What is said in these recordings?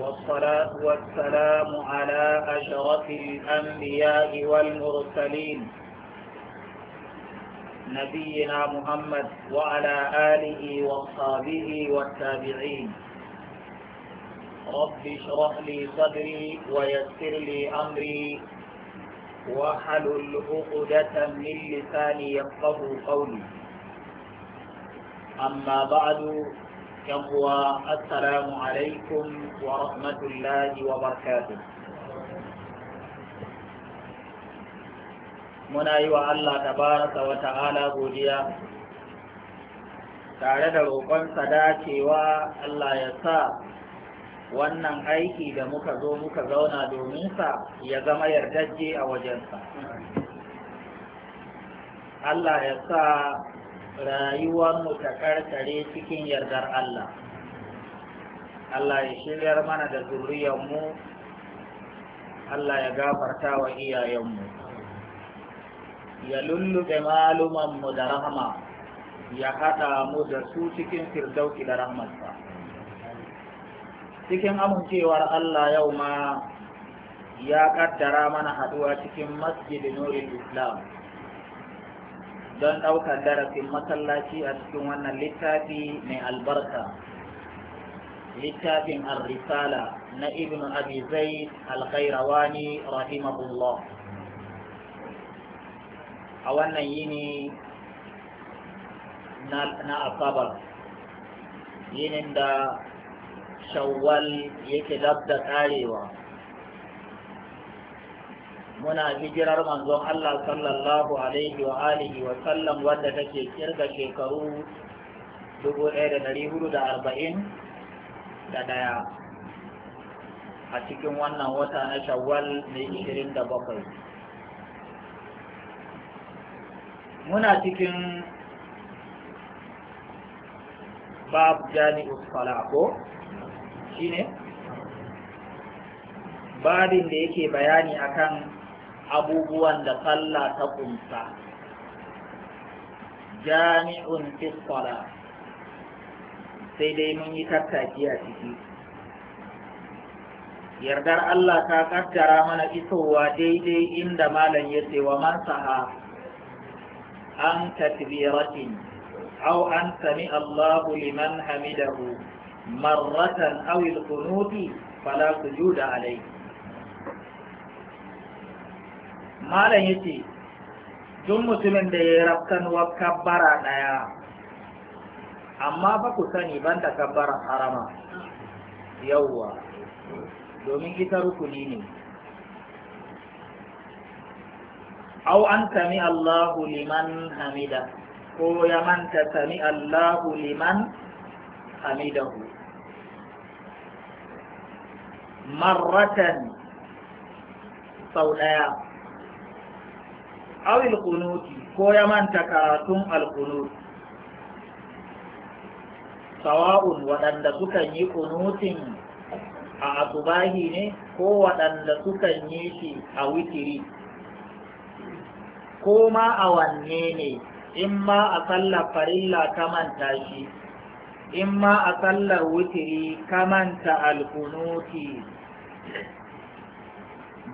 والصلاة والسلام على أشرف الأنبياء والمرسلين نبينا محمد وعلى آله وصحبه والتابعين رب اشرح لي صدري ويسر لي أمري وحلل عقدة من لساني يفقه قولي أما بعد assalamu alaikum wa rahmatullahi wa وبركاته muna yi wa Allah tabaraka wa ta'ala godiya tare da roƙonsa dacewa Allah ya sa wannan aiki da muka zo muka zauna domin sa ya zama yardajje a wajensa Allah ya sa rayuwar mu ta karkare cikin yardar Allah Allah ya shiryar mana da zuriyarmu Allah ya gafarta wa iyayenmu ya lullube malumanmu da rahama ya haɗa mu da su cikin firdauki da rahmatsa cikin amincewar Allah yau ma ya ƙaddara mana haɗuwa cikin masjidin nuril islam don ɗaukar darasin masallaci a cikin wannan littafi mai albarka littafin ar-risala na ibn abi zaid al-khairawani rahimahullah a wannan yini na asabar yinin da shawwal yake dab da karewa muna hijirar manzon Allah sallallahu alaihi wa alihi wa sallam wanda take kirga shekaru 1441 da daya a cikin wannan wata na shawwal mai 27 muna cikin bab jami'us sala ko shine babin da yake bayani akan abubuwan da sallah ta kunsa jami'un fi sai dai mun yi tattaki a ciki yardar Allah ta kaddara mana isowa daidai inda malam ya ce wa man saha an tatbiratin aw an sami Allahu liman hamidahu marratan aw al-qunuti fala sujuda alayhi malam ya ce duk mutumin da ya rafkan wa kabbara ɗaya amma ba ku sani ban da kabbara harama yawwa domin ita rukuni ne au an sami Allahu liman hamida ko ya manta sami Allahu liman hamidahu marratan sau ɗaya awil kunuti ko ya manta karatun alkunut sawa'un waɗanda sukan yi kunutin a asubahi ne ko waɗanda sukan yi shi a witiri ko ma a wanne ne in ma a sallar farilla ka manta shi in ma a sallar witiri ka manta alkunuti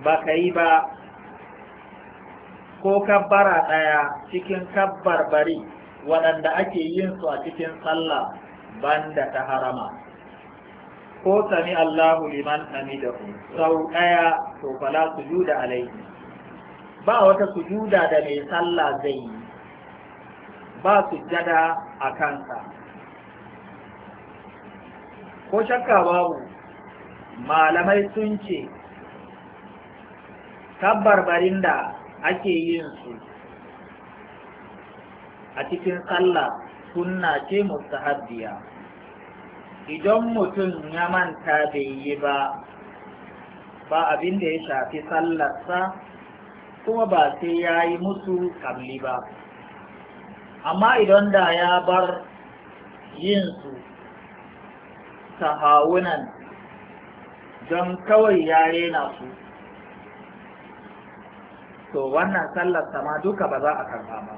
ba ka yi ba ko kabbara ɗaya cikin bari waɗanda ake yin su a cikin sallah banda ta harama ko sami Allahu liman hamidahu sau ɗaya to fala sujuda alaihi ba wata sujuda da mai sallah zai yi ba jada a kansa ko shakka babu malamai sun ce barin da ake yin su a cikin sallah sunna ce mustahabbiya idan mutum ya manta bai yi ba ba abin da ya shafi sallarsa kuma ba sai ya yi musu kabli ba amma idan da ya bar yin su ta hawunan don kawai ya rena su to wannan sallar sama duka ba za a karɓa ba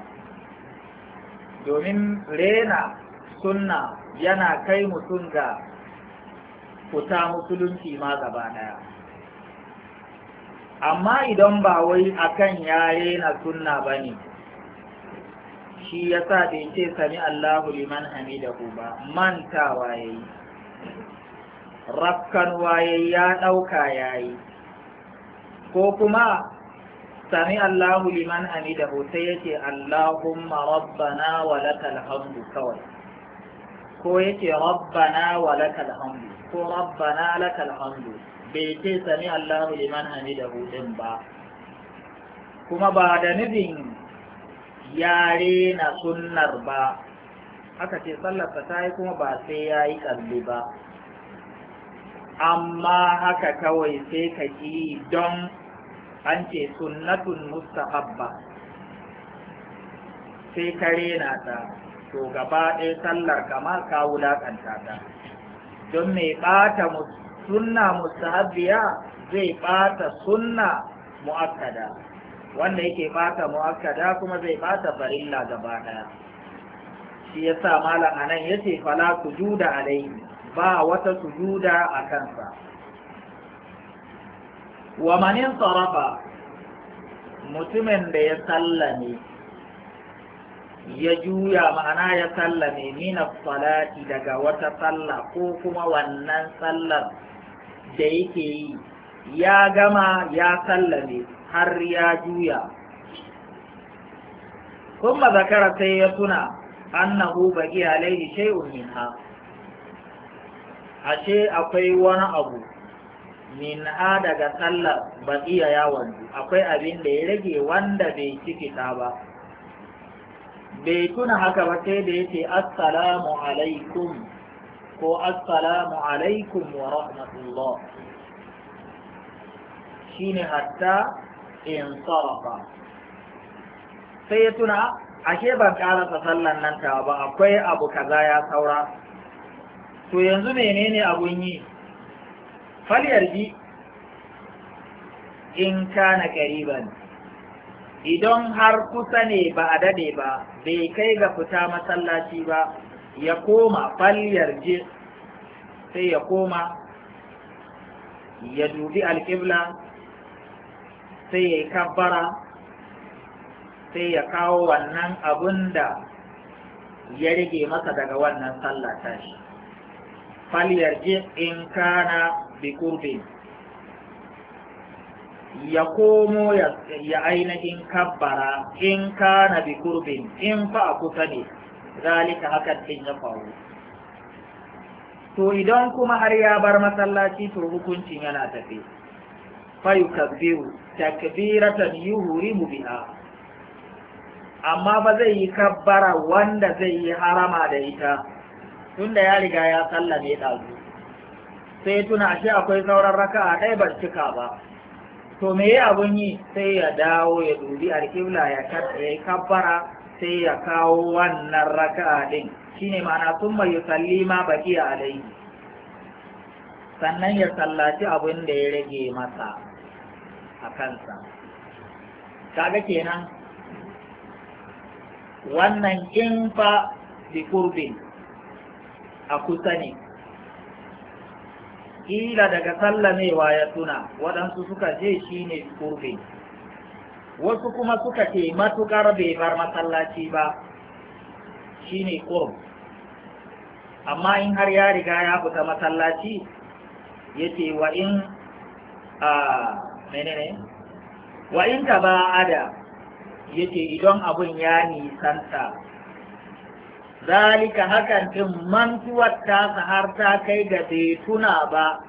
domin rena sunna yana kai mutum ga fita musulunci ma gaba daya amma idan ba wai akan ya rena sunna ba ne shi ya sa bai ce sami Allahu liman hamidahu ba mantawa ya yi rafkanwa ya ya ɗauka ya yi ko kuma sami Allahu liman hamidahu sai yake Allahumma rabbana wa lakal hamdu kawai ko yake rabbana wa lakal hamdu ko rabbana lakal hamdu bai ce sami Allahu liman hamidahu din ba kuma ba da nufin yare na sunnar ba aka ce sallarsa ta yi kuma ba sai ya yi kalli ba amma haka kawai sai ka ki don an ce sunnatun mustahabba sai ka rena ta to gaba ɗaya sallar kamar ka wulaƙanta ta don mai ɓata sunna mustahabbiya zai ɓata sunna mu'akkada wanda yake ɓata mu'akkada kuma zai ɓata farilla gaba ɗaya shi ya sa malam anan ya ce fala juda alaihi ba wata juda a kansa wa manin tsarafa mutumin da ya sallame ya juya ma'ana ya sallame mina salati daga wata sallah ko kuma wannan sallar da yake yi ya gama ya sallame har ya juya kuma zakara sai ya tuna annahu bagi alaihi shay'un minha ashe akwai wani abu min ha daga sallah, ba iya yawon akwai abin da ya rage wanda bai ci fita ba bai tuna haka ba sai da ce assalamu alaikum ko assalamu alaikum wa rahmatullah ne hatta in sarafa sai ya tuna ashe ban karasa sallan nan ta ba akwai abu kaza ya saura to yanzu menene abun yi falyarji in kana ƙariban idan har kusa ne ba a daɗe ba bai kai ga fita masallaci ba ya koma falyarji sai ya koma ya dubi alƙibla sai ya yi kabbara sai ya kawo wannan abun da ya rage masa daga wannan sallah tashi falyarji in kana biƙurbin ya komo ya ainihin kabbara in kana biƙurbin in fa a kusa ne zalika hakan ɗin ya faru to idan kuma har ya bar masallaci to hukuncin yana tafe fayukabbiru takbiratan yuhrimu biha amma ba zai yi kabbara wanda zai yi harama da ita tunda ya riga ya sallame ɗazu sai tuna ashe akwai sauran raka a ɗaya ba cika ba to me ya abun yi sai ya dawo ya dubi alƙibla ya yi kabbara sai ya kawo wannan raka ɗin ne ma'ana sun mai yusalli ma baki alayi. sannan ya sallaci abin da ya rage masa a kansa kaga kenan wannan in fa bi kurbin a kusa ne ƙila daga sallamewa ya tuna waɗansu suka je shi ne kurbe wasu kuma suka ce matuƙar bai bar masallaci ba shi ne kurb amma in har ya riga ya fita masallaci ya ce wa in a menene wa in ta ba ada ya ce idan abin ya nisanta zalika hakan ɗin mantuwar tasa har ta kai ga betuna ba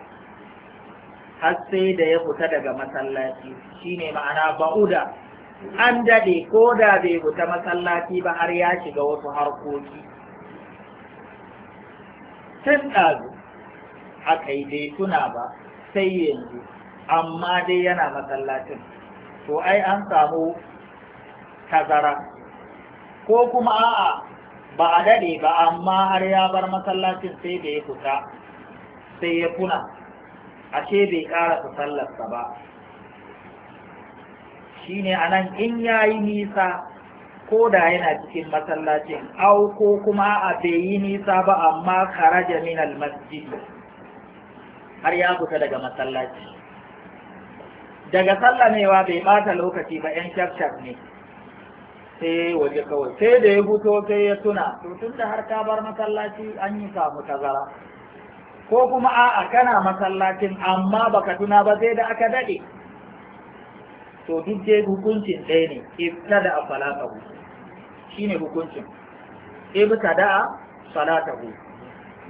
har sai da ya fita daga masallaci shine ma'ana ba'uda an daɗe ko da bai fita masallaci ba har ya shiga wasu harkoki tun ɗazu a kai betuna ba sai yanzu amma dai yana masallacin to ai an samu tazara ko kuma a'a ba a daɗe ba amma har ya bar masallacin sai da ya fita sai ya kuna ashe bai ƙarasa sallarsa ba shi ne a nan in ya yi nisa ko da yana cikin masallacin au ko kuma a bai yi nisa ba amma kara min almasjidi har ya fita daga masallaci daga sallamewa bai ɓata lokaci ba 'yan shafshaf ne sai waje kawai sai da ya fito sai ya tuna to tun da har ka bar masallaci an yi samu tazara ko kuma a'a kana masallacin amma baka tuna ba sai da aka dade to duk dai hukuncin ɗaya ne ibta da shi shine hukuncin ibta da ku.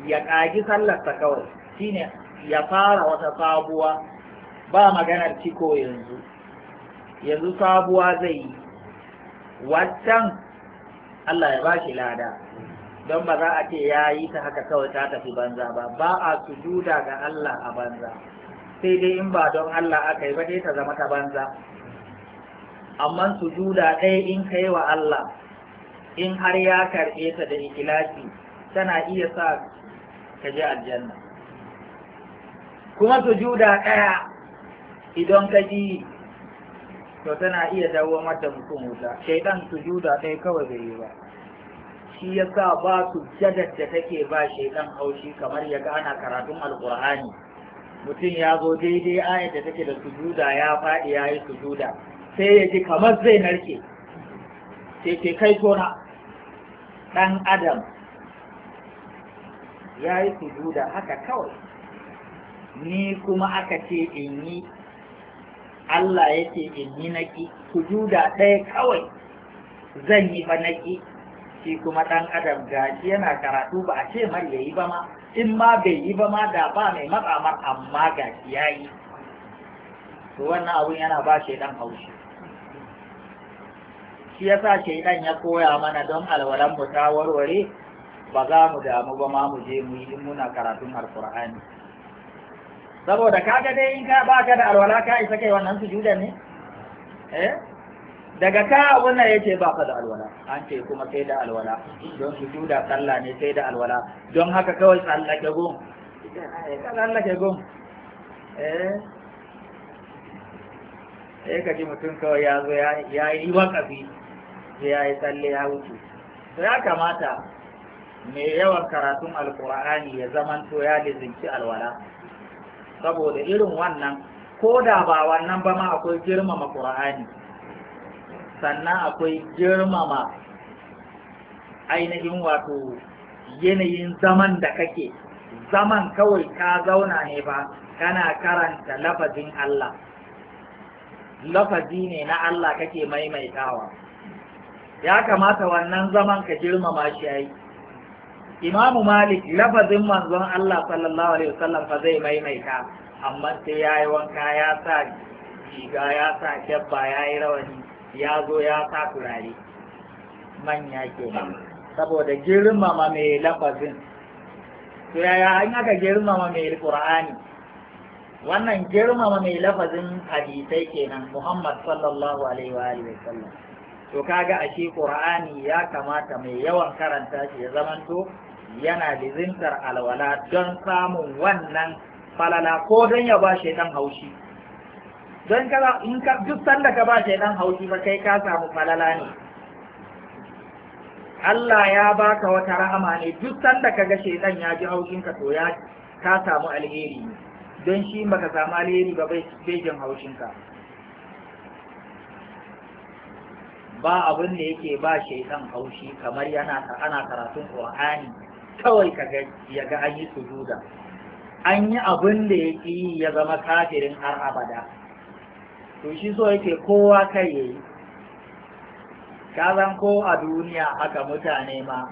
ya sallar sallarsa kawai shine ya fara wata sabuwa ba maganar ciko yanzu yanzu sabuwa zai yi wancan Allah ya shi lada don ba za a ce ya yi ta haka kawai ta tafi banza ba ba a sujuda ga Allah a banza sai dai in ba don Allah aka yi ba dai ta zama ta banza amma sujuda ɗaya in kai wa Allah in har ya karɓe ta da ikilasi tana iya sa ka je aljanna kuma sujuda ɗaya idan ka ji to tana iya dawo mata mutum wuta shaidan sujuda ɗaya kawai bai yi ba shi ya sa ba su jadar da take ba shaidan haushi kamar ya ga ana karatun alkur'ani mutum ya zo daidai ayar da take da sujuda ya faɗi ya yi sujuda sai ya ji kamar zai narke sai ke kai tona ɗan adam ya yi sujuda haka kawai ni kuma aka ce in yi Allah yake in yi naki sujuda ɗaya kawai zan yi ba naki shi kuma ɗan adam gashi yana karatu ba a ce mai ya yi ba ma in ma bai yi ba ma da ba mai matsamar, amma gashi ya yi to wannan abun yana ba shi ɗan haushi shi ya sa ɗan ya koya mana don alwalan mu ta warware ba za mu damu ba ma mu je mu yi in muna karatun alkur'ani saboda kaga dai in ka baka da alwala ka isa kai wannan sujudan ne eh daga ka wannan yace ba ka da alwala an ce kuma sai da alwala don sujuda sallah ne sai da alwala don haka kawai tsallake gun ka tsallake gun eh eh ka mutum kawai ya zo ya yi wakafi ya yi tsalle ya wuce ya kamata mai yawan karatun alkur'ani ya zamanto ya lizinci alwala saboda irin wannan ko da ba wannan ba ma akwai girmama ƙur'ani sannan akwai girmama ainihin wato yanayin zaman da kake zaman kawai ka zauna ne ba kana karanta lafazin Allah lafazi ne na Allah kake maimaitawa ya kamata wannan zaman ka girmama shi yi. imamu malik lafazin manzon Allah sallallahu alaihi wasallam fa zai maimaita amma sai yayi wanka ya sa riga ya sa kebba, ya yi rawani ya zo ya sa turare manya ke saboda girmama mai lafazin to yaya an aka girmama mai qur'ani wannan girmama mai lafazin hadisai kenan muhammad sallallahu alaihi wa alihi wasallam to kaga ashe qur'ani ya kamata mai yawan karanta shi ya zamanto yana lizintar alwala don samun wannan falala ko don ya ba shi ɗan haushi don in ka duk sanda ka ba shi ɗan haushi ba kai ka samu falala ne Allah ya baka wata rahama ne duk sanda ka ga shaidan ya ji haushin ka to ya ka samu alheri don shi baka samu alheri ba bai jin haushin ka ba abin da yake ba shaidan haushi kamar yana ana karatun Qur'ani kawai ya ga an yi sujuda an yi abin da ya yi ya zama kafirin har abada to shi so yake kowa kai ya yi kazan ko a duniya haka mutane ma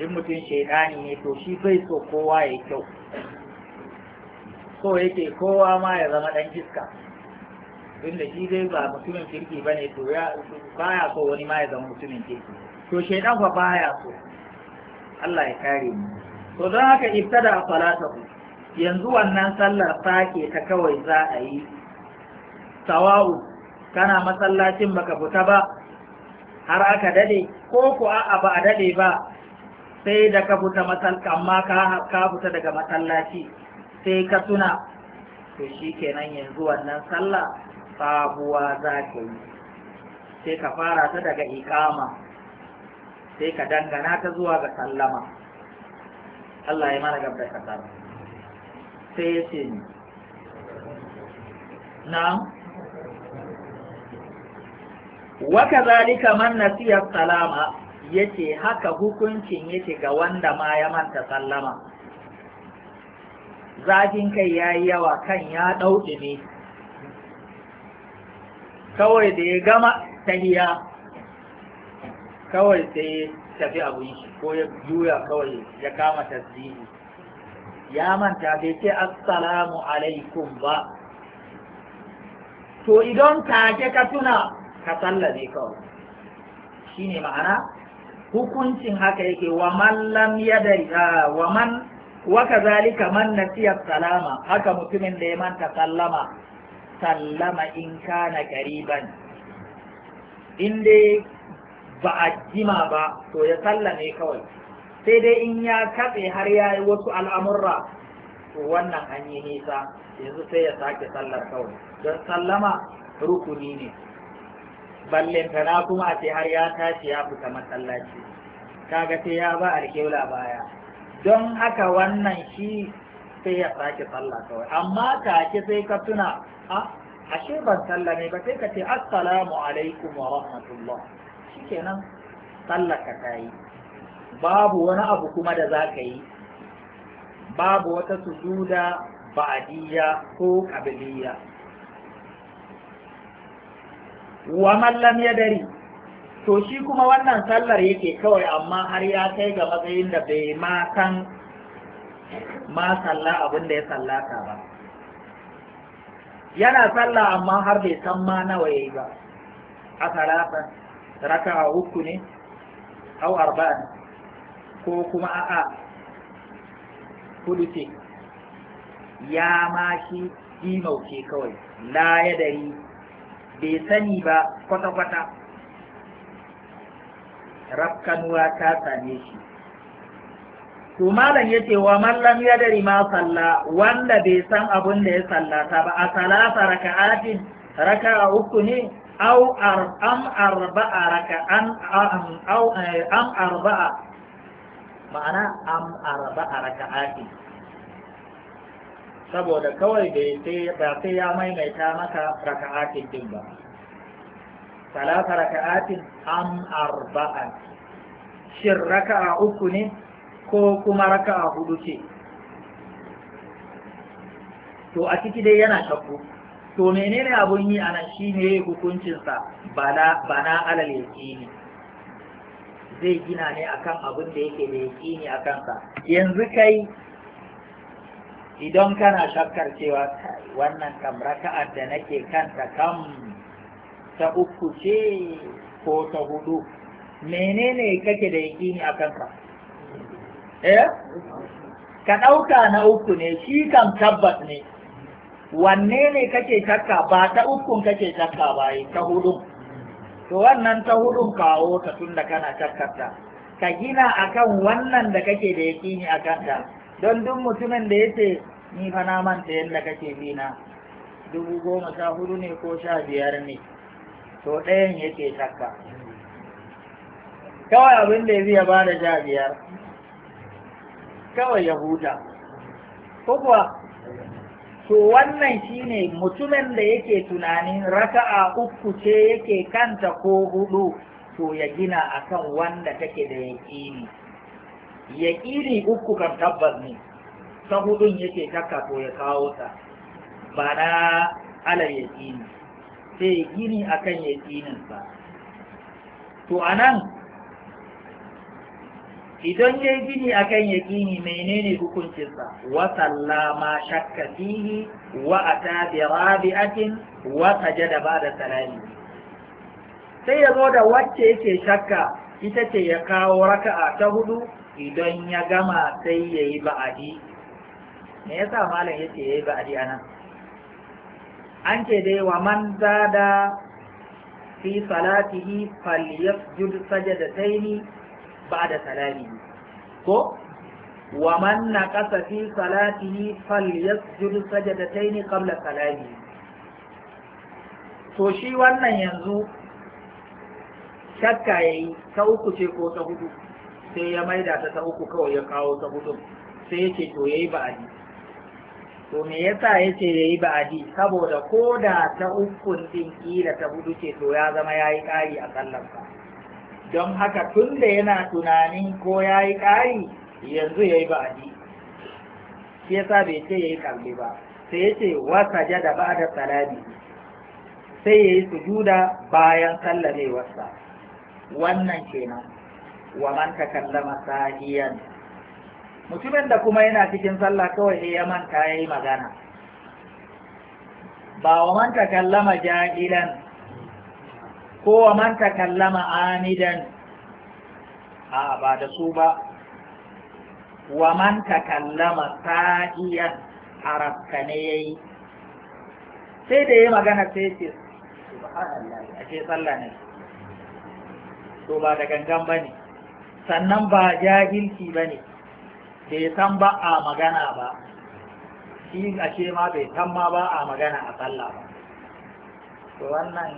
in mutum shaidani ne to shi bai so kowa ya kyau so yake kowa ma ya zama ɗan iska da shi dai ba mutumin kirki ba ne to ya baya so wani ma ya zama mutumin kirki to shaidan fa baya so Allah ya kare mu to don haka ibtada salatahu yanzu wannan sallar sake ta kawai za a yi sawa'u kana masallacin baka fita ba har aka dade ko ko a'a ba a dade ba sai da ka fita masal amma ka fita daga masallaci sai ka tuna to shi kenan yanzu wannan sallah sabuwa za ka yi sai ka fara ta daga ikama sai ka dangana ta zuwa ga sallama Allah ya mana gaba da sallama sai ya ce ni na wa kadhalika man nasiya salama yace haka hukuncin yake ga wanda ma ya manta sallama zafin kai ya yi yawa kan ya ɗauɗe ne kawai da ya gama tahiya kawai sai tafi abin shi ko ya juya kawai ya kama tasbihi ya manta bai ce assalamu alaikum ba to idan ke ka tuna ka sallame kawai shine ma'ana hukuncin haka yake wa man lam yadri wa man wa kazalika man nasiya salama haka mutumin da ya manta sallama sallama in kana qariban in dai ba a jima ba to ya sallame kawai sai dai in ya katse har ya yi wasu al'amurra to wannan an yi nisa yanzu sai ya sake sallar kawai don sallama rukuni ne ballantana kuma a ce har ya tashi ya fita masallaci kaga sai ya ba alkeula baya don haka wannan shi sai ya sake sallah kawai amma ke sai ka tuna a ah, ashe ban sallame ba sai ka ce assalamu alaikum wa rahmatullah shikenan sallaka ta yi babu wani abu kuma da za ka yi babu wata sujuda ba'diyya ko qabiliyya wa man lam yadari to shi kuma wannan sallar yake kawai amma har ya kai ga matsayin da bai ma san ma salla abin da ya sallata ba yana sallah amma har bai san ma nawa yayi ba a salatan raka'a uku ne au arba'a ko kuma a'a hudu ce ya ma shi imauce kawai la ya dari bai sani ba kwata-kwata rafkanuwa ta same shi to malam ya ce wa mallam ya dari ma salla wanda bai san abin da ya sallata ba a salasa raka'atin raka'a uku ne أو أر أم أربع ركعان أم أو أم أربع معنى أم أربع ركعات saboda kawai ba sai ya maimaita maka raka'atin din ba talata raka'atin am arba'a shin raka'a uku ne ko kuma raka'a hudu ce to a ciki dai yana shakku to menene abun yi anan shine hukuncinsa ba na ba na alal yaqini zai gina ne akan abin da yake da yaqini akan sa yanzu kai idan kana shakkar cewa wannan kam raka'ar da nake kanta kam ta uku ce ko ta hudu menene kake da yaqini akan sa eh ka dauka na uku ne shi kam tabbas ne wanne ne kake shakka ba ta ukun kake shakka ba eh, ta hudun to wannan ta hudun kawo ta tunda kana shakkarta ka gina akan wannan da kake da ni a kanta don duk mutumin da ce ni fa na manta yadda kake bina dubu goma sha hudu ne ko sha biyar ne to ɗayan yake shakka kawai abin da ya biya ba da sha biyar kawai ya huta ko kuwa to wannan shine mutumin da yake tunanin raka'a uku ce yake kanta ko hudu to ya gina akan wanda take da yaƙini yaƙini uku kan tabbas ne ta hudun yake taka to ya kawo ta ba na alar yaƙini sai gini akan sa, to anan idan ya gini a kan yaƙini menene hukuncinsa wa sallama shakka fihi wa ata bi rabi'atin wa sajada ba da salami sai ya zo da wacce yake shakka ita ce ya kawo raka'a ta hudu idan ya gama sai ya yi ba'adi me yasa malam yake ya yi ba'adi anan an ce dai wa man zada fi salatihi falyasjud sajadataini ba'da salami ko wa man naqasa fi salatihi falyasjud sajadatayn qabla salami to shi wannan yanzu shakka yayi ta uku ce ko ta hudu sai ya maida ta ta uku kawai ya kawo ta hudu sai yake to yayi ba'adi to me yasa yace yayi ba'adi saboda ko da ta uku din kila ta hudu ce to ya zama yayi kari a sallar sa don haka tun da yana tunanin ko ya yi ƙari yanzu ya yi ba'adi shi yasa bai ce ya yi kalli ba sai ya ce wasa ja da ba da salami sai ya yi sujuda bayan sallamewarsa wannan kenan wa man takallama sahiyan mutumin da kuma yana cikin sallah kawai sai ya manta ya yi magana ba wa man takallama jahilan ko wa man kallama amidan a ba da su ba wa man ta sa'iyan harafka ne yayi sai da ya magana sai ce a ashe sallah ne to ba da gangan bane sannan ba jahilci bane bai san ba a magana ba shi ashe ma bai san ma ba a magana a sallah ba to wannan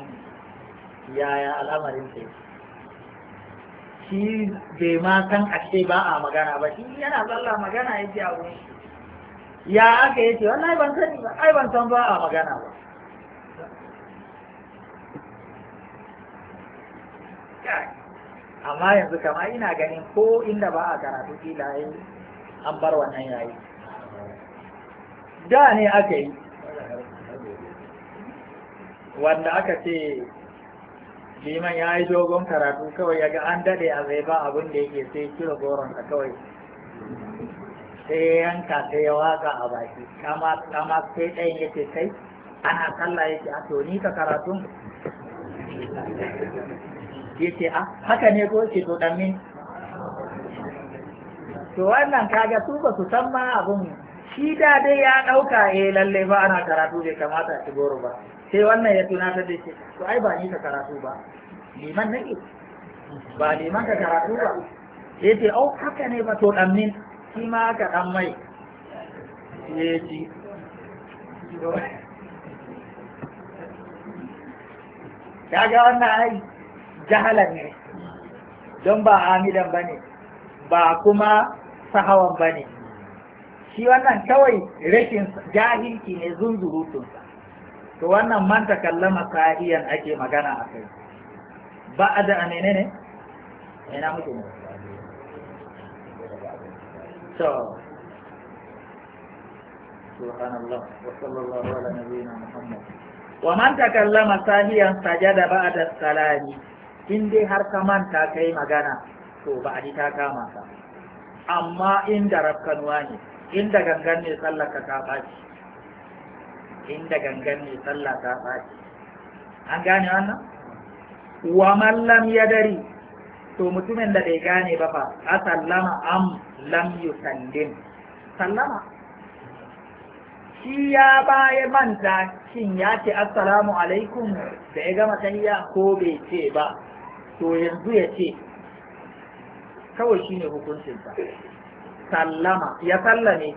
yaya al'amarin sai shi bai ma san ashe ba a magana ba shi yana tsalla magana ya a abu ya aka yace wallahi ban sani ba ai ban san ba a magana ba amma yanzu kama ina ganin ko inda ba a karatu kila yi an bar wannan yayi da ne aka yi wanda aka ce liman ya yi dogon karatu kawai ya ga an dade a zai ba abin da yake sai kira goronsa kawai sai yanka sai ya waka a baki kama sai ɗayan yake kai ana sallah yake a to ni ka karatun yace a ah, haka ne ko ke to min? to wannan kaga su ba su san ma abun shi da dai ya ɗauka eh lalle ba ana karatu bai kamata a ci goro ba sai wannan ya tunatar da shi to ai ba ni ka karatu ba liman nake ba liman ka karatu ba ya ce au haka ne ba to dan min shi ma aka dan mai ya ji ga wannan ai jahalan ne don ba amidan ba ne ba kuma sahawan ba ne shi wannan kawai rashin jahilci ne zunzurutunsa to wannan man takallama sa'iyan ake magana a kai ba a da amene ne ina muke ne to subhanallah wa sallallahu ala nabiyyina muhammad wa man takallama sahiyan sajada ba'da salami in dai har ka manta kai magana to ba a ta kama ka amma inda rafkanuwa ne inda gangan ne tsallaka ka baci inda gangan ne sallah ta fadi. an gane wannan wa mallam ya dari to mutumin da bai gane ba fa a sallama am lam yusallim sallama shi ya baya manta shin ya ce assalamu alaikum da ya gama tahiyya ko bai ce ba to yanzu ya ce kawai shine hukuncinsa sallama ya sallame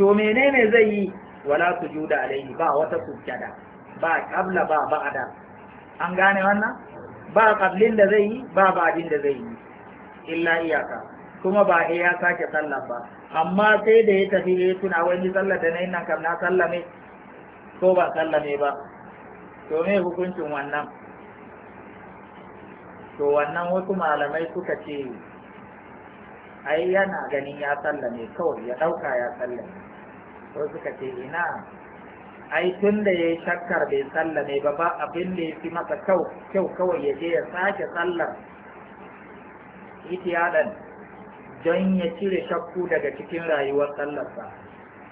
to menene zai yi wala sujuda alaihi ba wata sujjada ba qabla ba ba'da an gane wannan ba qablin da zai yi ba ba'din da zai yi illa iyaka kuma ba ya sake sallar ba amma sai da ya tafi ya tuna wani sallar da na nan kam na sallame ko ba sallame ba to me hukuncin wannan to wannan wasu malamai suka ce ai yana ganin ya sallame kawai ya ɗauka ya sallame ko suka ce ina ai tun da ya yi shakkar bai salla, ba ba abin da ya fi masa kyau kawai ya je ya sake sallar itiyadan don ya cire shakku daga cikin rayuwar sallarsa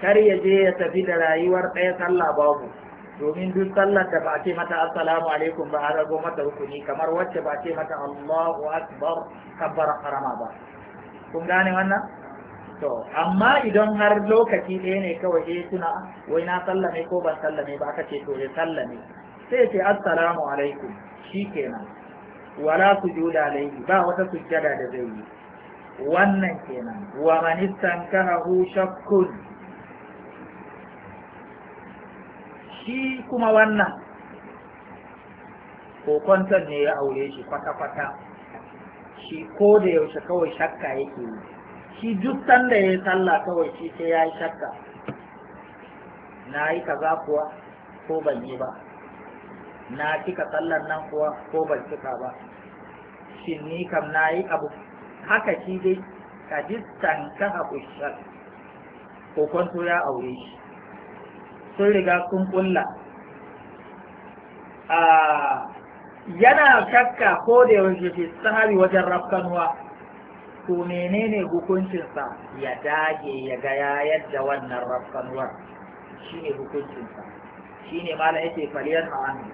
kar ya je ya tafi da rayuwar ɗaya sallah babu domin duk sallar da ba a ce mata assalamu alaikum ba a rago mata rukuni kamar wacce ba a ce mata Allahu akbar kabbar harama ba kun gane wannan to amma idan har lokaci ɗaya ne kawai eh tuna wai na sallame ko ban sallame ba aka ce to ya sallame sai ce assalamu alaikum shikenan wala sujuda laifi? ba wata sujjada da zai yi wannan kenan wa man istankahu shakkun shi kuma wannan kokonton ne ya aure shi kwata-kwata shi ko da yaushe kawai shakka yake yi shi duk sanda ya yi sallah kawai shi sai ya yi shakka na yi kaza kuwa ko ban yi ba na cika sallar nan kuwa ko ban cika ba shin ni kam na yi abu haka shi dai ka distan ka haku shak kokonto ya aure shi sun riga sun kulla ah, yana shakka ko da yaushe fi sahabi wajen rafkanuwa to menene hukuncinsa ya dage ya ga ya yadda wannan rafkanuwar shine hukuncinsa shine mala yake faliyar ma'amu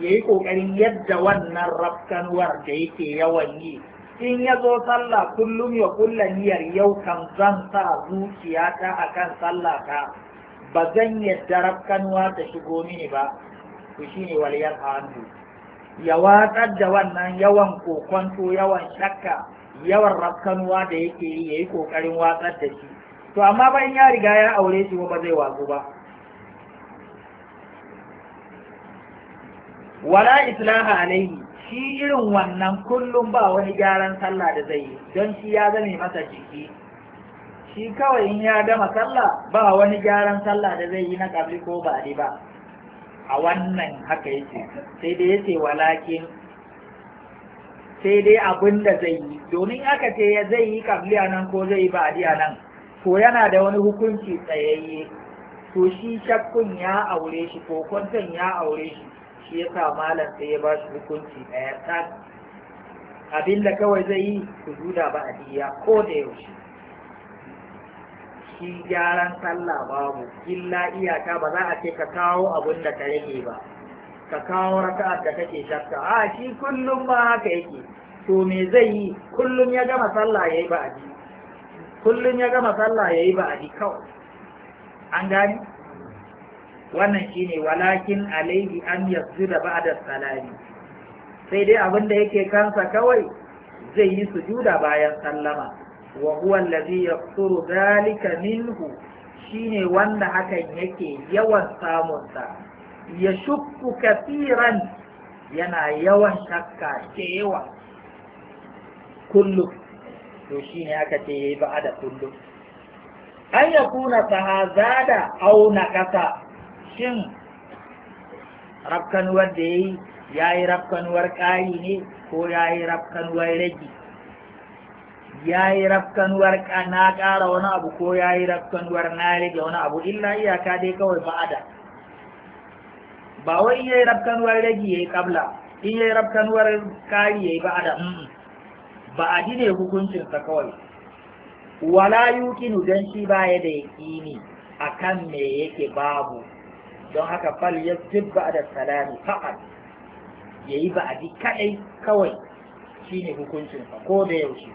ya yi ƙoƙarin yadda wannan rafkanuwar da yake yawan yi in ya zo sallah kullum ya kulla niyyar yau kan zan sa zuciyata akan sallah ta ba zan yadda rafkanuwa ta shigo mini ba to shine waliyar hannu ya watsar da wannan yawan kokonto yawan shakka yawan rafkanuwa da yake yi ya yi ƙoƙarin watsar da shi to amma ba in ya riga ya aure shi ba zai watsu ba wala islaha alaihi shi irin wannan kullum ba wani gyaran sallah da zai yi don shi ya zame masa jiki shi kawai in ya gama sallah ba wani gyaran sallah da zai yi na kabli ko ba a wannan haka yake sai da yace walakin sai dai abin da zai yi domin aka ce ya zai yi a nan ko zai yi a nan Ko yana da wani hukunci tsayayye to shi shakkun ya aure shi ko kwanton ya aure shi shi ya sa malam sai ya ba shi hukunci ɗaya abinda abin da kawai zai yi su a diya ko da yaushe shi gyaran sallah babu illa iyaka ba za a ce ka kawo abin da ka rage ba ka kawo raka'ar da kake shakka a shi kullum ba haka yake to me zai yi kullum ya gama sallah yayi aji kullum ya gama sallah yayi aji kawai an gani wannan shine walakin alaihi an yasjuda ba'da salami sai dai abin da yake kansa kawai zai yi sujuda bayan sallama wa huwa allazi yaqsuru dhalika minhu shine wanda hakan yake yawan samunsa ya shukku kafiran yana yawan shakka yawa kullum to shi ne aka ce ya yi ba'a da kullum an ya kuna sahaza da auna ƙasa shin rafkanuwar da ya yi ya yi rafkanuwar ƙari ne ko ya yi rafkanuwar ragi ya yi rafkanuwar na ƙara wani abu ko ya yi rafkanuwar na rage wani abu illa iyaka dai kawai ba'ada ba wai yayi rabkanuwar rage yayi kabla in yayi kariya kari yayi ba'ada ba a ne hukuncin sa kawai wala yuqinu dan shi baya da yaqini akan me yake babu don haka fal yajib ba'da salami faqat yayi ba'adi kadai kawai shine hukuncin sa ko da yaushe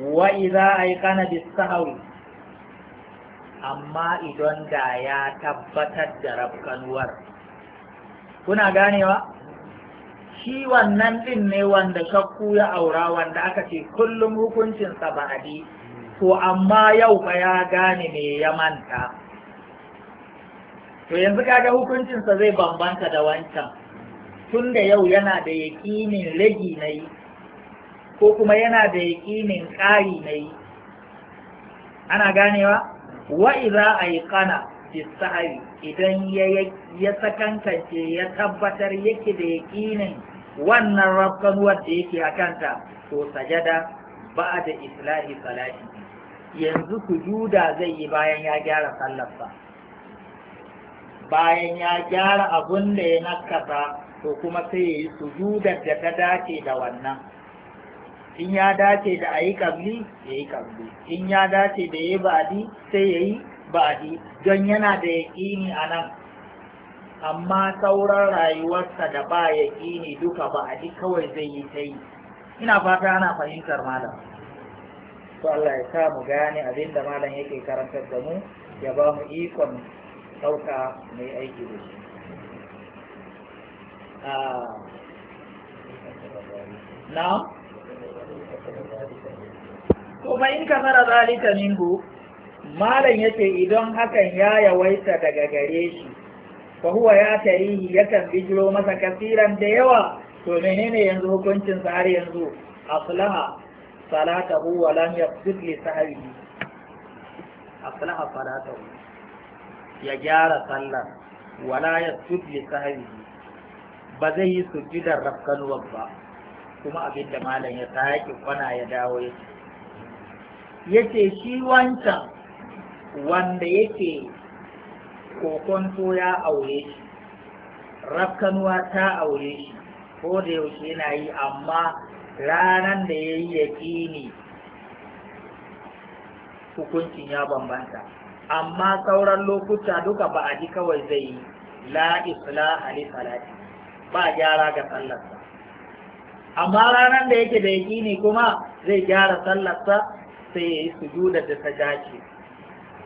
wa idza ayqana bis sahwi amma idan da ya tabbatar da rafkanuwar kuna ganewa shi wannan din ne wanda shakku ya aura wanda aka ce kullum hukuncinsa ba'adi to amma yau fa ya gane me ya manta to yanzu kaga hukuncinsa zai bambanta da wancan tun da yau yana da yaƙinin ragi na yi ko kuma yana da yaƙinin ƙari na yi ana ganewa wa idza ayqana bisahari idan ya sakankance ya tabbatar yake da yaƙinin wannan rabban wanda yake akanta to sajada ba da islahi salati yanzu sujuda zai yi bayan ya gyara sallarsa bayan ya gyara abun da ya nakasa to kuma sai ya yi sujudar da ta dace da wannan in ya dace da a yi ƙabli ya yi ƙabli in ya dace da ya yi ba'adi sai ya yi ba'adi don yana da yaƙini a amma sauran rayuwarsa da ba yaƙini duka ba'adi kawai zai yi ta yi ina fata ana fahimtar malam to Allah ya sa mu gane abin da malam yake karantar da mu ya ba mu ikon ɗauka mai aiki da shi ah. kuma in ka fara zalika minhu malam yake idan hakan ya yawaita daga gare shi fa huwa ya tarihi yakan bijiro masa kasiran da yawa to menene yanzu hukuncin sa har yanzu aslaha salatahu wa lam yaqsid li sahbihi aslaha salatahu ya gyara sallar wala yaqsid li sahbihi ba zai yi sujjidar rafkanuwa ba kuma abin da malam ya sake kwana ya dawo ya ce. yace shi wancan wanda yake kokonto ya aure shi rafkanuwa ta aure shi ko da yaushe yana yi amma ranar da ya yi ya yaƙini hukuncin ya bambanta amma sauran lokuta duka ba a ji kawai zai yi la islaha li salati ba gyara ga tsallarsa. amma ranar da yake da yaƙini kuma zai gyara sallarsa sai ya yi da ta dace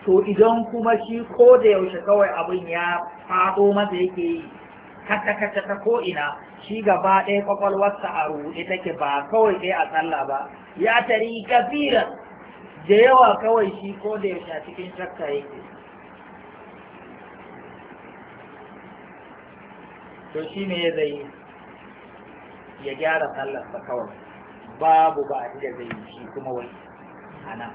to idan kuma shi ko da yaushe kawai abin ya faɗo masa yake yi kata-kata ta ko'ina shi gaba ɗaya kwakwalwarsa a ruɗe take ba kawai ɗaya a sallah ba ya tari kafiran da yawa kawai shi ko da yaushe a cikin shakka yake to shi ne ya zai ya gyara sallarsa kawai babu ba a da zai shi kuma wai ana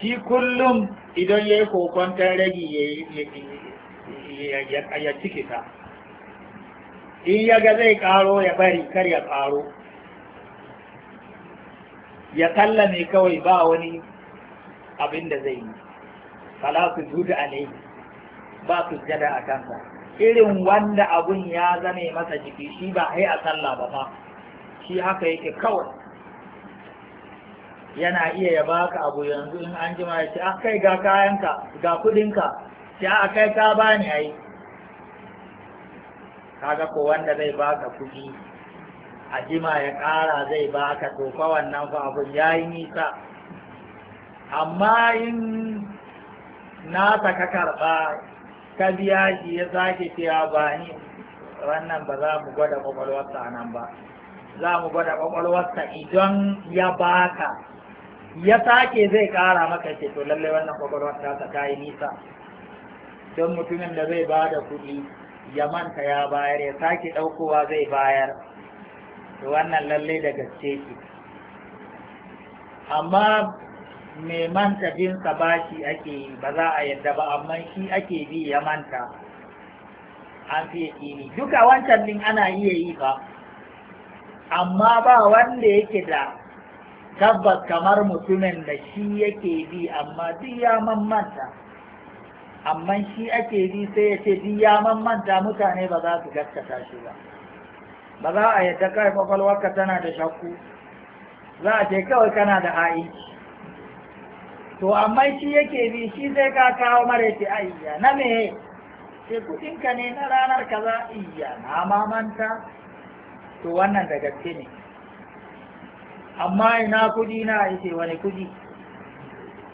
shi kullum idan ya yi kokontar ragi ya ciki ta in ya ga zai karo ya bari kar ya karo ya ne kawai ba wani abin da zai yi fala su juda alai ba su jada a kansa irin wanda abun ya zane masa jiki shi ba a yi a sallah ba fa shi haka yake kawai yana iya ya baka abu yanzu in an jima ya ce a ah, kai ga kayanka ga kudinka ce a ah, kai ka bani yi kaga ko wanda zai baka kudi a jima ya kara zai baka to fa wannan fa abun yi nisa amma in nasa ka karɓa. ka biya ya sake cewa ba ni wannan ba za mu gwada kwakwalwarsa nan ba za mu gwada kwakwalwarsa idan ya baka ya sake zai kara maka ce to lallai wannan kwakwalwar ta ta yi nisa don mutumin da zai ba da kuɗi ya manta ya bayar ya sake ɗaukowa zai bayar to wannan lallai da gaske ki amma Me manta jinsa ba shi ake yi ba za a yadda ba amma shi ake bi ya manta an fiye ƙini duka wancan din ana iya yi ba amma ba wanda yake da tabbas kamar mutumin da shi yake bi amma duk ya mammanta amma shi ake bi sai ya ce duk ya mammanta mutane ba za su gaskata shi ba ba za a yadda kai kwakwalwarka tana da shakku za a ce kawai kana da ha'inci to amma shi yake bi shi zai ka kawo mara yake ayya na me ce ka ne na ranar kaza iya na mamanta to wannan da gaske ne amma ina kudi na ce wani kudi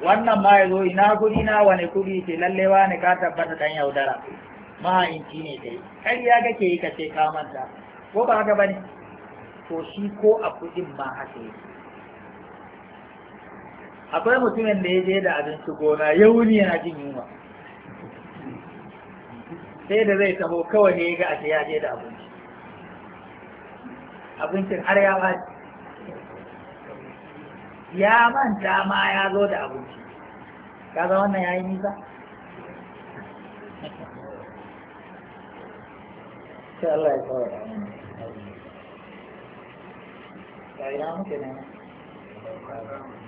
wannan ma yazo ina kudi na wani kudi ce lalle ne ka tabbata dan yaudara ci ne dai ƙarya kake yi ka ce ka manta ko ba haka bane to shi ko a kudin ma haka yake akwai mutumin da ya je da abinci gona ya wuni yana jin yunwa sai da zai taho kawai ne ga ashe ya je da abinci abincin har ya ba ya manta ma ya zo da abinci kaga wannan ya yi nisa Allah ya kawai da ya ne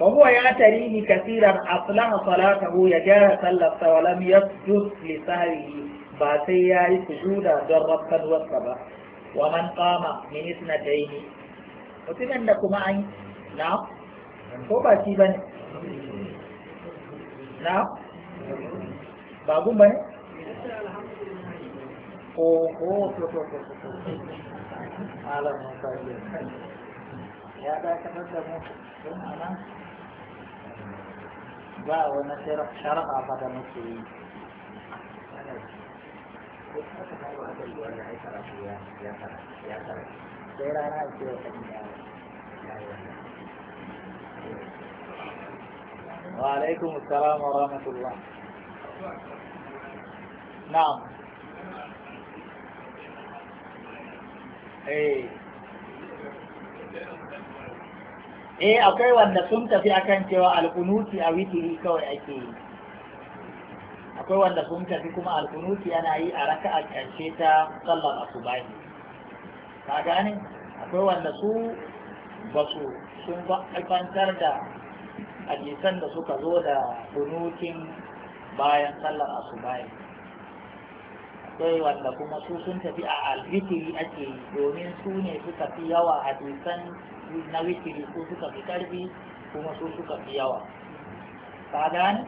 فهو يعتريه كثيرا أصلح صلاته يجاه صلى ولم يسجد لسهره باسيا سجودا جرب كدوسبا ومن قام من اثنتين وتمن لكم أن نعم هو باسي بني نعم باقوم بني أوه أوه أوه أوه أوه أوه ya dakatar da mu don ana? ba wani shara'a ba da muke yi sai rana ce wa kan wa alaikum assalam wa rahmatullah na'am eh eh akwai wanda sun tafi akan cewa alkunuti a witiri kawai ake yi akwai wanda sun tafi kuma alkunuti ana yi a raka a ƙarshe ta sallar asubahi ka gane akwai wanda su ba su sun kwantar da hadisan da suka zo da kunutin bayan sallar asubahi sai wanda kuma su sun tafi a alfitiri ake yi domin su ne suka fi yawa hadisan na witiri su suka fi karfi kuma su suka fi yawa ta gane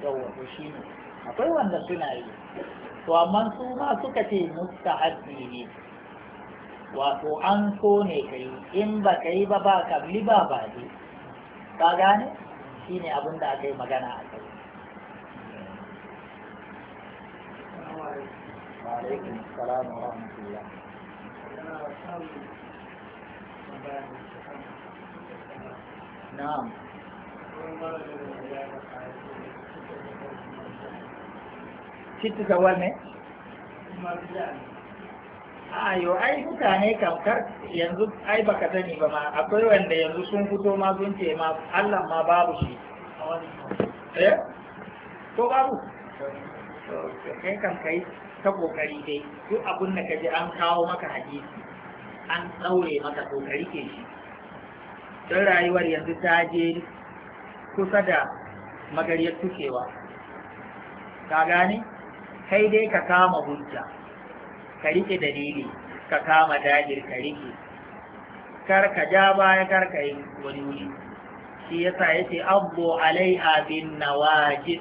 yawa to shi ne akwai wanda suna yi to amma su ma suka ce mustahabbi ne wato an so ne ka yi in ba ka yi ba ba kabli ba ba ne ta gane shi ne abin da aka yi magana a kai alaikum salam wa rahmatullah na'am Citta zawal ne? ai mutane kamkar yanzu ai baka sani ba ma akwai wanda yanzu sun fito ma sun ce ma Allah ma babu shi eh to babu to kai kan kai ta kokari dai duk abin da kaji an kawo maka hadisi an tsaure maka kokari ke shi don rayuwar yanzu ta je kusa da magaryar tukewa ka gane kai dai ka kama hujja ka rike dalili ka kama dajir ka rike kar ka ja baya kar ka yi wani wuri shi yasa yace abbu alaiha bin nawajib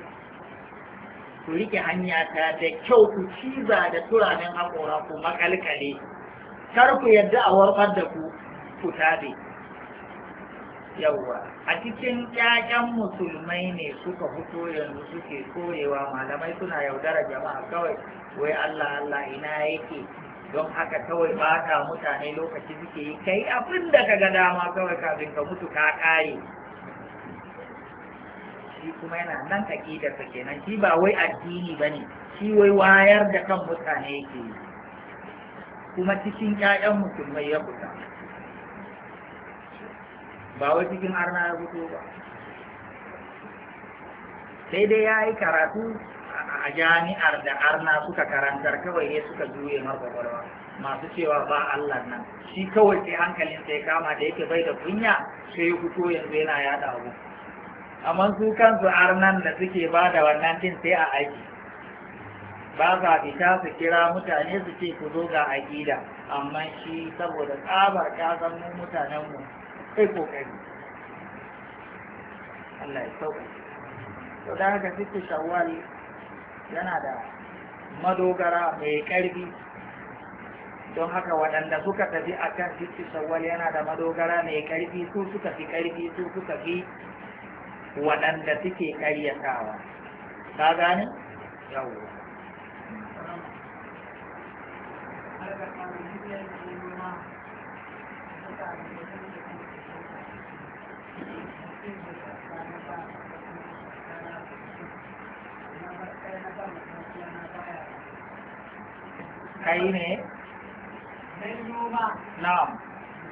ku rike hanya ta da kyau ku ciza da turanen haƙora ku makalkale kar ku yadda a warfar da ku ku tabe yawwa a cikin ƴaƴan musulmai ne suka fito yanzu suke korewa malamai suna yaudara jama'a kawai wai Allah Allah ina yake don haka kawai ta mutane lokaci suke yi kai abin da ka ga dama kawai kafin ka mutu ka ƙare shi kuma yana nan aƙidarsa kenan shi ba wai addini ba ne shi wai wayar da kan mutane yake yi kuma cikin ƴaƴan musulmai ya fita ba wai cikin arna ya fito ba sai dai ya yi karatu a jami'ar da arna suka karantar kawai ne suka juye makwakwalwa masu cewa ba Allah nan shi kawai sai hankalin sai kama da yake bai da kunya sai ya fito yanzu yana yaɗa abu amma su kansu arnan da suke ba da wannan din sai a aiki ba sa fita su kira mutane su ce ku zo ga aƙida amma shi saboda tsabar ta mu mutanen mu sai kokari Allah ya sauka to da haka sitte yana da madogara mai karfi don haka waɗanda suka tafi akan cikin shawwal yana da madogara mai karfi su suka fi karfi su suka fi waɗanda suke ƙaryatawa ka gane? Yau. kai ne? na'am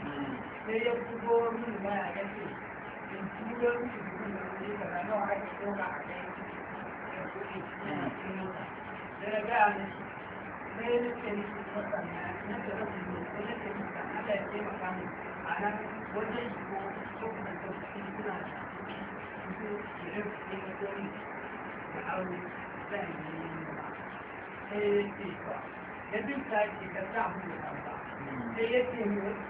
sai ya fito min waya ya ce in turo min kudin da kuɗi ka zama wa ake ɗauka a kai da kuɗi eh, yana cikin mota sai na gaya mishi sai na ce mishi masana na da rabin ne sai na ce mishi Allah ya taimaka min a nan wajen shigo ko kuma da kuɗi suna da kuɗi su da ya fi ɗaya gori da aure zan yi sai ya ce ba da duk ta ce ka sa mu da ba sai ya ce mu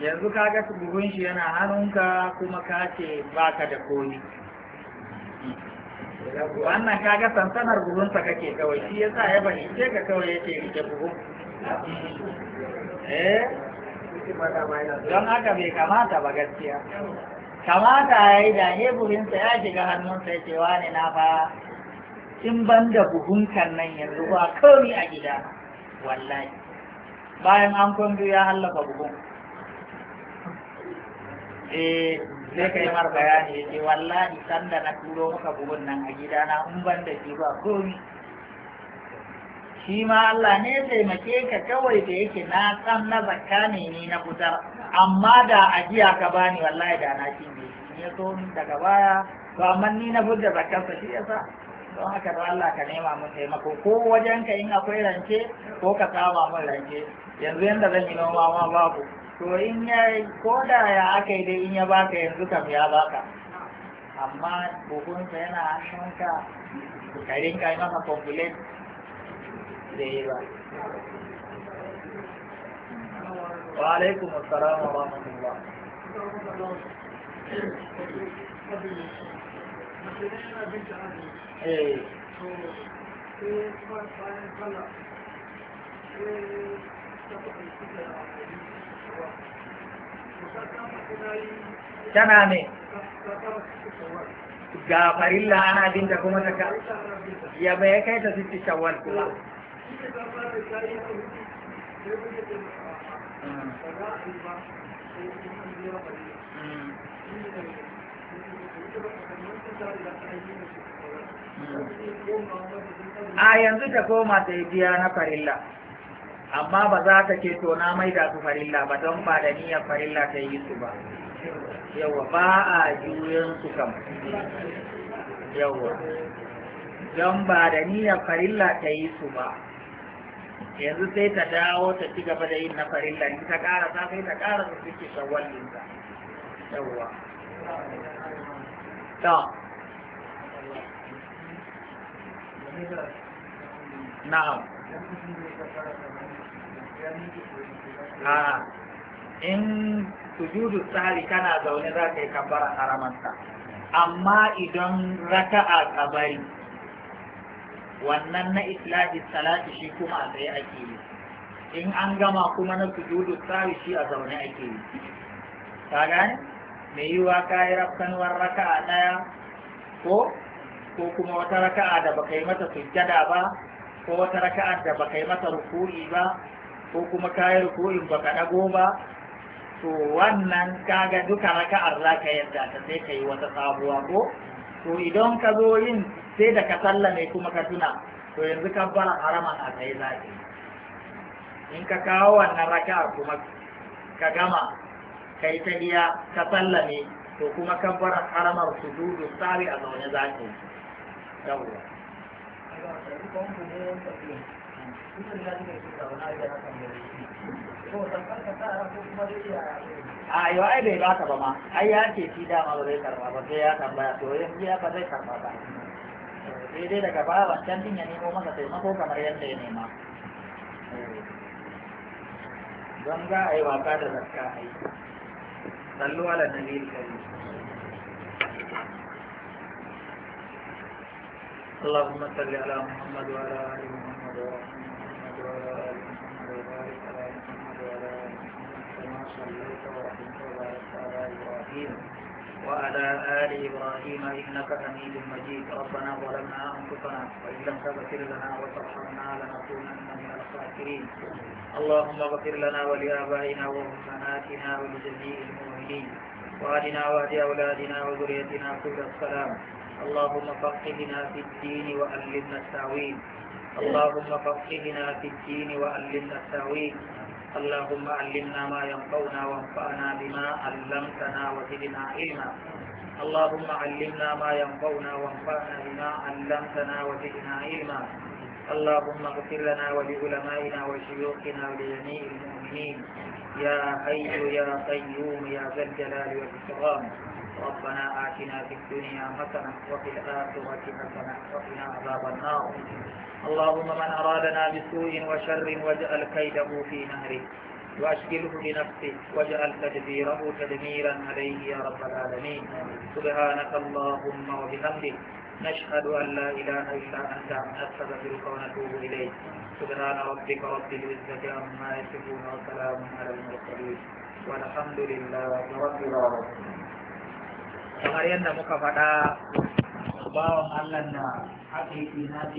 yanzu kaga bugun shi yana hannunka kuma ka ce ba ka da komi wannan ka ga sansanar buhunsa kake kawai shi ya sa ya bari ce ka kawai yake rike buhun eh don haka bai kamata ba gaskiya kamata ya yi da ne buhunsa ya shiga hannunsa ya ce ne na fa in ban da buhunkan nan yanzu ba komi a gida wallahi bayan an kundu ya hallafa buhun eh sai ka yi mar bayani ya ce wallahi sanda na turo maka bugun nan a gida in ban da shi ba komi shi ma Allah ne sai taimake ka kawai da yake na san na zakka ne ni na fitar amma da ajiya ka bani wallahi da na shi ne shi ya so daga baya to amma ni na fitar zakkarsa shi ya don haka da Allah ka nema mun taimako ko wajen ka in akwai rance ko ka kama mun rance yanzu yanda zan yi noma ma babu to in ya ko da ya aka yi dai in ya baka yanzu kam ya baka amma buhunsa yana hannunka ka rinka yi maka complain zai yi ba wa alaikum assalam wa rahmatullah eh tana ne ga farilla ana binta kuma ta ya bai kai ta sitti shawar kuma hmm. Hmm. a yanzu ta koma ta yi biya na farilla amma ba za ka ce to na da su farilla ba don ba da niyyar farilla ta yi su ba yawa ba a juyen su kam yawa don ba da niyyar farilla ta yi su ba yanzu sai ta dawo ta ci gaba da yin na farilla ni ta ƙara ta sai ta ƙara su suke shawallin ta yawa ta na'am in sujudu tsari kana zaune za ka yi kabbara ramanta amma idan raka'a kabari wannan na islahi salati shi kuma a tsaye ake yi in an gama kuma na sujudu tsari shi a zaune ake yi ta gani mai yiwa ka yi rafkanuwar a ɗaya ko ko kuma wata raka'a da baka yi mata sujjada ba ko wata raka'a da baka yi mata ruku'i ba ko kuma kayi ba baka ɗago ba to wannan kaga duka raka'ar za ka yadda ta sai ka yi wata sabuwa ko to idan ka zo yin sai da ka sallame kuma ka tuna to yanzu ka bar haraman a kai za in ka kawo wannan raka'ar kuma ka gama ka yi iya ka sallame to kuma ka bar haramar sujudu sari a zaune za a yau ai bai baka ba ma ai ya ce shi dama ba zai karba ba sai ya tambaya to ba zai karba ba sai dai daga baya wancan din ya nemo masa taimako kamar yadda ya nema don za a yi da zakka a sallu ala nabi اللهم صل على محمد وعلى ال محمد وعلى آل محمد محمد وعلى آل محمد كما صليت ورحمت إبراهيم وعلى آل إبراهيم إنك حميد مجيد ربنا ظلمنا أنفسنا وإن لم تغفر لنا وترحمنا لنكونن من الخاسرين اللهم اغفر لنا ولآبائنا وأمهاتنا ولجميع المؤمنين وأهلنا وأهل أولادنا وذريتنا كل السلام اللهم فقهنا في الدين وألمنا التعويل اللهم فقهنا في الدين وعلمنا التاويل اللهم علمنا ما ينفعنا وانفعنا بما علمتنا وزدنا علما اللهم علمنا ما ينفعنا وانفعنا بما علمتنا وزدنا علما اللهم اغفر لنا ولعلمائنا وشيوخنا ولجميع المؤمنين يا حي يا قيوم يا ذا الجلال والاكرام ربنا آتنا في الدنيا حسنة وفي الآخرة حسنة وقنا عذاب النار اللهم من أرادنا بسوء وشر واجعل كيده في نهره وأشكله بنفسه واجعل تدبيره تدميرا عليه يا رب العالمين سبحانك اللهم وبحمدك نشهد أن لا إله إلا أنت نستغفرك ونتوب إليك سبحان ربك رب العزة عما يصفون وسلام على المرسلين والحمد لله رب العالمين kamar yadda muka faɗa bawan allah na haƙiƙi na